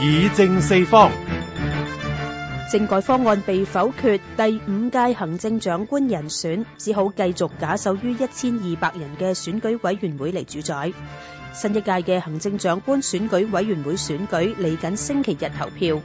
議政四方。政改方案被否決，第五屆行政長官人選只好繼續假手於一千二百人嘅選舉委員會嚟主宰。新一屆嘅行政長官選舉委員會選舉嚟緊星期日投票。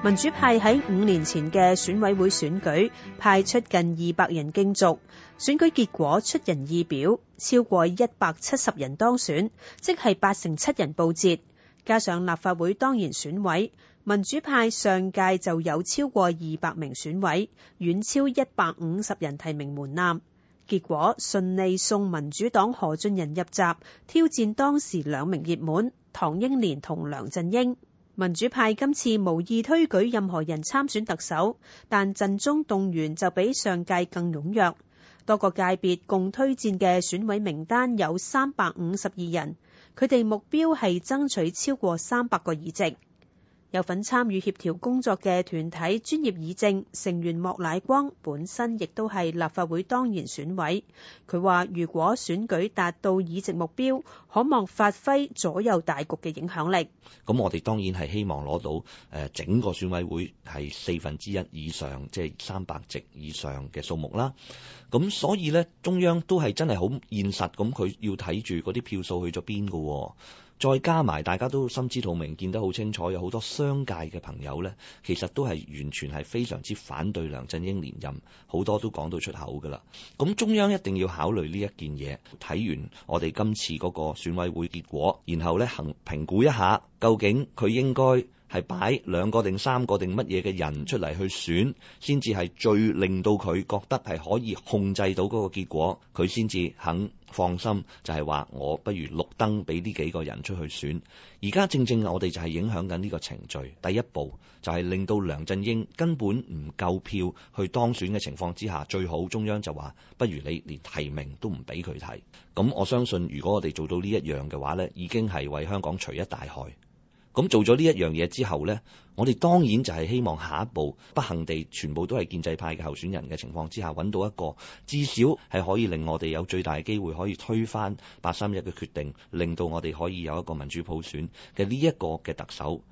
民主派喺五年前嘅選委會選舉派出近二百人競逐，選舉結果出人意表，超過一百七十人當選，即係八成七人報捷。加上立法會當然選委，民主派上屆就有超過二百名選委，遠超一百五十人提名門檻，結果順利送民主黨何俊仁入閘，挑戰當時兩名熱門：唐英年同梁振英。民主派今次無意推舉任何人參選特首，但陣中動員就比上屆更踴躍。多個界別共推薦嘅選委名單有三百五十二人，佢哋目標係爭取超過三百個議席。有份參與協調工作嘅團體專業議政成員莫乃光本身亦都係立法會當然選委，佢話：如果選舉達到議席目標，可望發揮左右大局嘅影響力。咁我哋當然係希望攞到誒整個選委會係四分之一以上，即係三百席以上嘅數目啦。咁所以呢，中央都係真係好現實咁，佢要睇住嗰啲票數去咗邊㗎。再加埋大家都心知肚明，見得好清楚，有好多商界嘅朋友呢，其實都係完全係非常之反對梁振英連任，好多都講到出口㗎啦。咁中央一定要考慮呢一件嘢，睇完我哋今次嗰個選委會結果，然後呢評評估一下，究竟佢應該係擺兩個定三個定乜嘢嘅人出嚟去選，先至係最令到佢覺得係可以控制到嗰個結果，佢先至肯。放心，就係話我不如綠燈俾呢幾個人出去選。而家正正我哋就係影響緊呢個程序。第一步就係令到梁振英根本唔夠票去當選嘅情況之下，最好中央就話不如你連提名都唔俾佢提。咁我相信如果我哋做到呢一樣嘅話咧，已經係為香港除一大害。咁做咗呢一樣嘢之後呢，我哋當然就係希望下一步不幸地全部都係建制派嘅候選人嘅情況之下，揾到一個至少係可以令我哋有最大機會可以推翻八三一嘅決定，令到我哋可以有一個民主普選嘅呢一個嘅特首。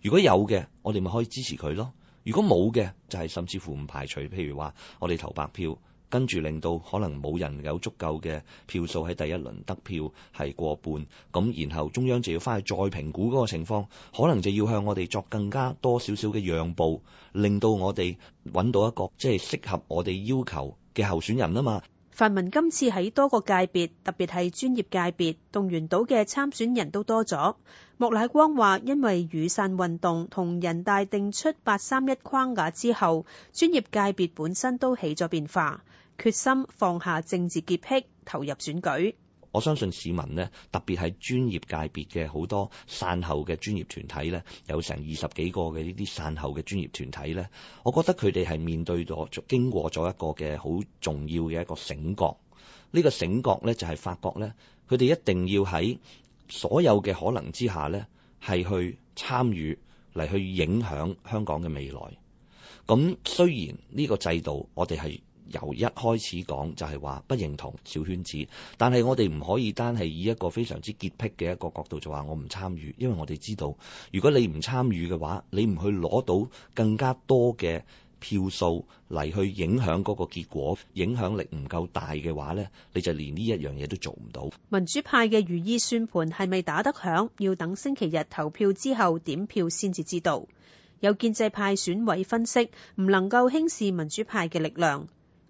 如果有嘅，我哋咪可以支持佢咯；如果冇嘅，就係、是、甚至乎唔排除，譬如話我哋投白票。跟住令到可能冇人有足夠嘅票數喺第一輪得票係過半，咁然後中央就要翻去再評估嗰個情況，可能就要向我哋作更加多少少嘅讓步，令到我哋揾到一個即係適合我哋要求嘅候選人啊嘛。泛民今次喺多個界別，特別係專業界別動員到嘅參選人都多咗。莫乃光話，因為雨傘運動同人大定出八三一框架之後，專業界別本身都起咗變化，決心放下政治潔癖，投入選舉。我相信市民呢，特別係專業界別嘅好多散後嘅專業團體呢，有成二十幾個嘅呢啲散後嘅專業團體呢，我覺得佢哋係面對咗，經過咗一個嘅好重要嘅一個醒覺。呢個醒覺呢，就係發覺呢，佢哋一定要喺所有嘅可能之下呢，係去參與嚟去影響香港嘅未來。咁雖然呢個制度，我哋係。由一開始講就係話不認同小圈子，但係我哋唔可以單係以一個非常之潔癖嘅一個角度就話我唔參與，因為我哋知道，如果你唔參與嘅話，你唔去攞到更加多嘅票數嚟去影響嗰個結果，影響力唔夠大嘅話呢，你就連呢一樣嘢都做唔到。民主派嘅如意算盤係咪打得響？要等星期日投票之後點票先至知道。有建制派選委分析，唔能夠輕視民主派嘅力量。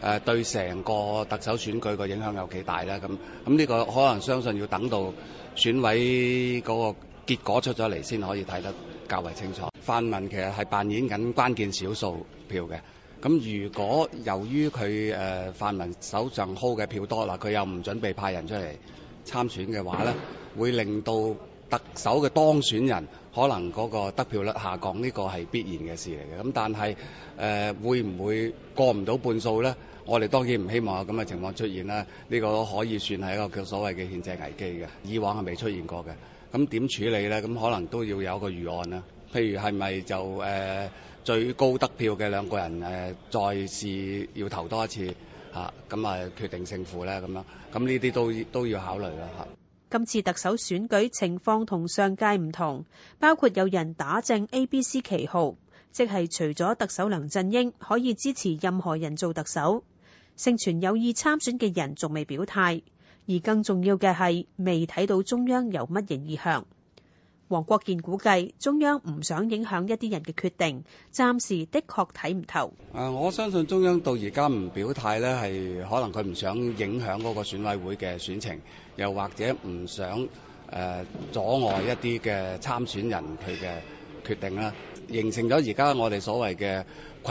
誒對成個特首選舉個影響有幾大咧？咁咁呢個可能相信要等到選委嗰個結果出咗嚟先可以睇得較為清楚。泛民其實係扮演緊關鍵少數票嘅。咁如果由於佢誒泛民手上 hold 嘅票多啦，佢又唔準備派人出嚟參選嘅話咧，會令到特首嘅當選人可能嗰個得票率下降，呢、這個係必然嘅事嚟嘅。咁但係誒、呃、會唔會過唔到半數咧？我哋當然唔希望有咁嘅情況出現啦，呢個可以算係一個叫所謂嘅憲制危機嘅，以往係未出現過嘅。咁點處理呢？咁可能都要有一個預案啦。譬如係咪就誒最高得票嘅兩個人誒再試要投多一次嚇，咁啊決定勝負咧咁樣。咁呢啲都都要考慮啦。嚇，今次特首選舉情況同上屆唔同，包括有人打正 A、B、C 旗號。即係除咗特首梁振英可以支持任何人做特首，盛傳有意參選嘅人仲未表態，而更重要嘅係未睇到中央有乜嘢意向。王國健估計中央唔想影響一啲人嘅決定，暫時的確睇唔透。啊，我相信中央到而家唔表態呢係可能佢唔想影響嗰個選委會嘅選情，又或者唔想誒、呃、阻礙一啲嘅參選人佢嘅決定啦，形成咗而家我哋所謂嘅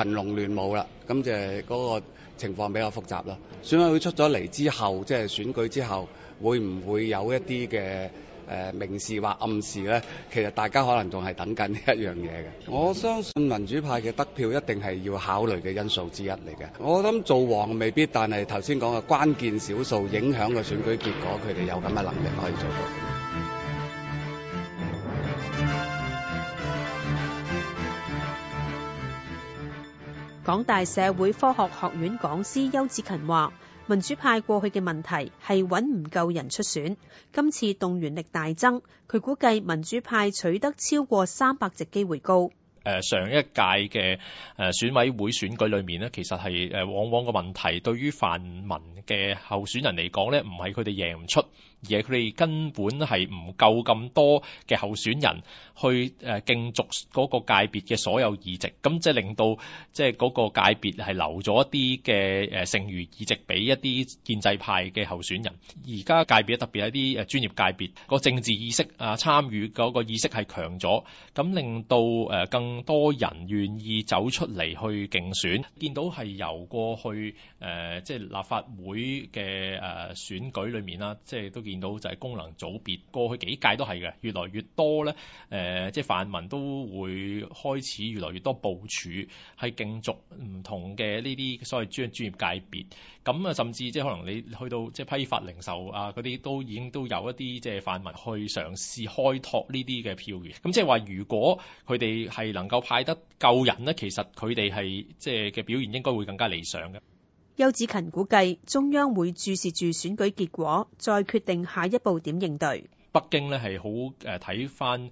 群龍亂舞啦，咁就嗰個情況比較複雜啦。選委會出咗嚟之後，即係選舉之後，會唔會有一啲嘅誒明示或暗示咧？其實大家可能仲係等緊一樣嘢嘅。我相信民主派嘅得票一定係要考慮嘅因素之一嚟嘅。我諗做王未必，但係頭先講嘅關鍵少數影響個選舉結果，佢哋有咁嘅能力可以做到。港大社會科學學院講師邱志勤話，民主派過去嘅問題係揾唔夠人出選，今次動員力大增，佢估計民主派取得超過三百席機會高。誒、呃、上一屆嘅誒選委會選舉裏面咧，其實係誒往往個問題，對於泛民嘅候選人嚟講咧，唔係佢哋贏唔出。而佢哋根本係唔夠咁多嘅候選人去誒競逐嗰個界別嘅所有議席，咁即係令到即係嗰個界別係留咗一啲嘅誒剩餘議席俾一啲建制派嘅候選人。而家界別特別係一啲誒專業界別，個政治意識啊參與嗰個意識係強咗，咁令到誒更多人願意走出嚟去競選，見到係由過去誒即係立法會嘅誒、呃、選舉裏面啦，即係都。見到就係功能組別，過去幾屆都係嘅，越來越多咧，誒，即係泛民都會開始越來越多部署，係競逐唔同嘅呢啲所謂專專業界別，咁啊，甚至即係可能你去到即係批發零售啊，嗰啲都已經都有一啲即係泛民去嘗試開拓呢啲嘅票源，咁即係話如果佢哋係能夠派得夠人咧，其實佢哋係即係嘅表現應該會更加理想嘅。邱子勤估計中央會注視住選舉結果，再決定下一步點應對。北京呢係好誒，睇翻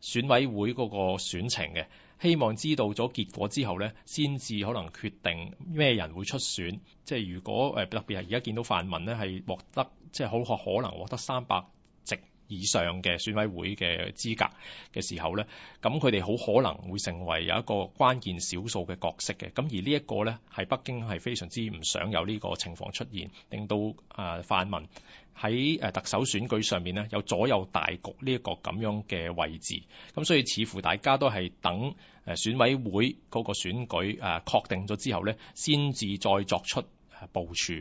選委會嗰個選情嘅，希望知道咗結果之後呢，先至可能決定咩人會出選。即係如果誒特別係而家見到泛民呢，係獲得，即係好可可能獲得三百。以上嘅選委會嘅資格嘅時候呢，咁佢哋好可能會成為有一個關鍵少數嘅角色嘅。咁而呢一個呢，係北京係非常之唔想有呢個情況出現，令到啊、呃、泛民喺誒、呃、特首選舉上面呢，有左右大局呢一個咁樣嘅位置。咁所以似乎大家都係等誒選委會嗰個選舉啊、呃、確定咗之後呢，先至再作出部署。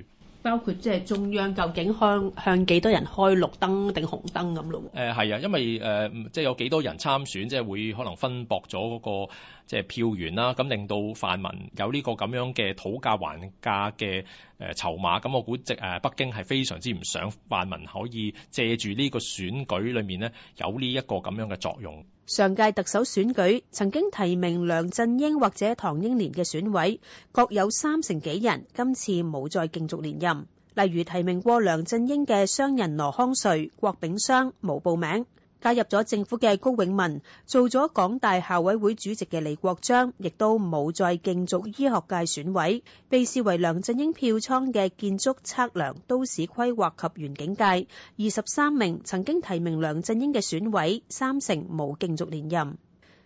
包括即係中央究竟向向幾多人開綠燈定紅燈咁咯？誒係啊，因為誒，即係有幾多人參選，即係會可能分薄咗嗰個。即係票源啦，咁令到泛民有呢個咁樣嘅討價還價嘅誒籌碼，咁我估即誒北京係非常之唔想泛民可以借住呢個選舉裏面咧有呢一個咁樣嘅作用。上屆特首選舉曾經提名梁振英或者唐英年嘅選委，各有三成幾人，今次冇再競逐連任。例如提名過梁振英嘅商人羅康瑞、郭炳湘冇報名。加入咗政府嘅高永文，做咗港大校委會主席嘅李國章，亦都冇再競逐醫學界選委，被視為梁振英票倉嘅建築測量、都市規劃及園境界。二十三名曾經提名梁振英嘅選委，三成冇競逐連任。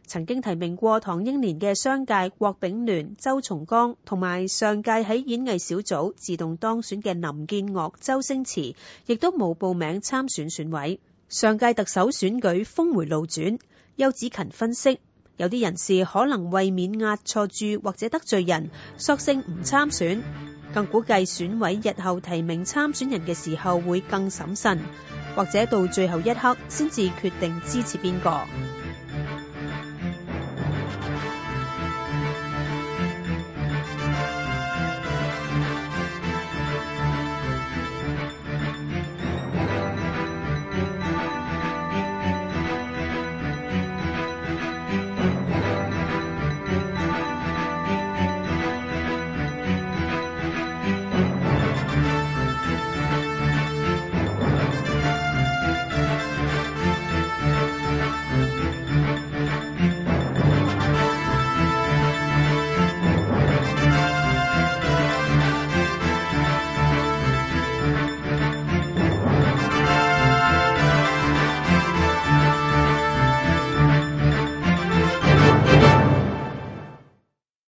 曾經提名過唐英年嘅商界郭炳聯、周松崗，同埋上屆喺演藝小組自動當選嘅林建岳、周星馳，亦都冇報名參選選委。上屆特首選舉峰回路轉，邱子勤分析，有啲人士可能為免壓錯注或者得罪人，索性唔參選，更估計選委日後提名參選人嘅時候會更審慎，或者到最後一刻先至決定支持邊個。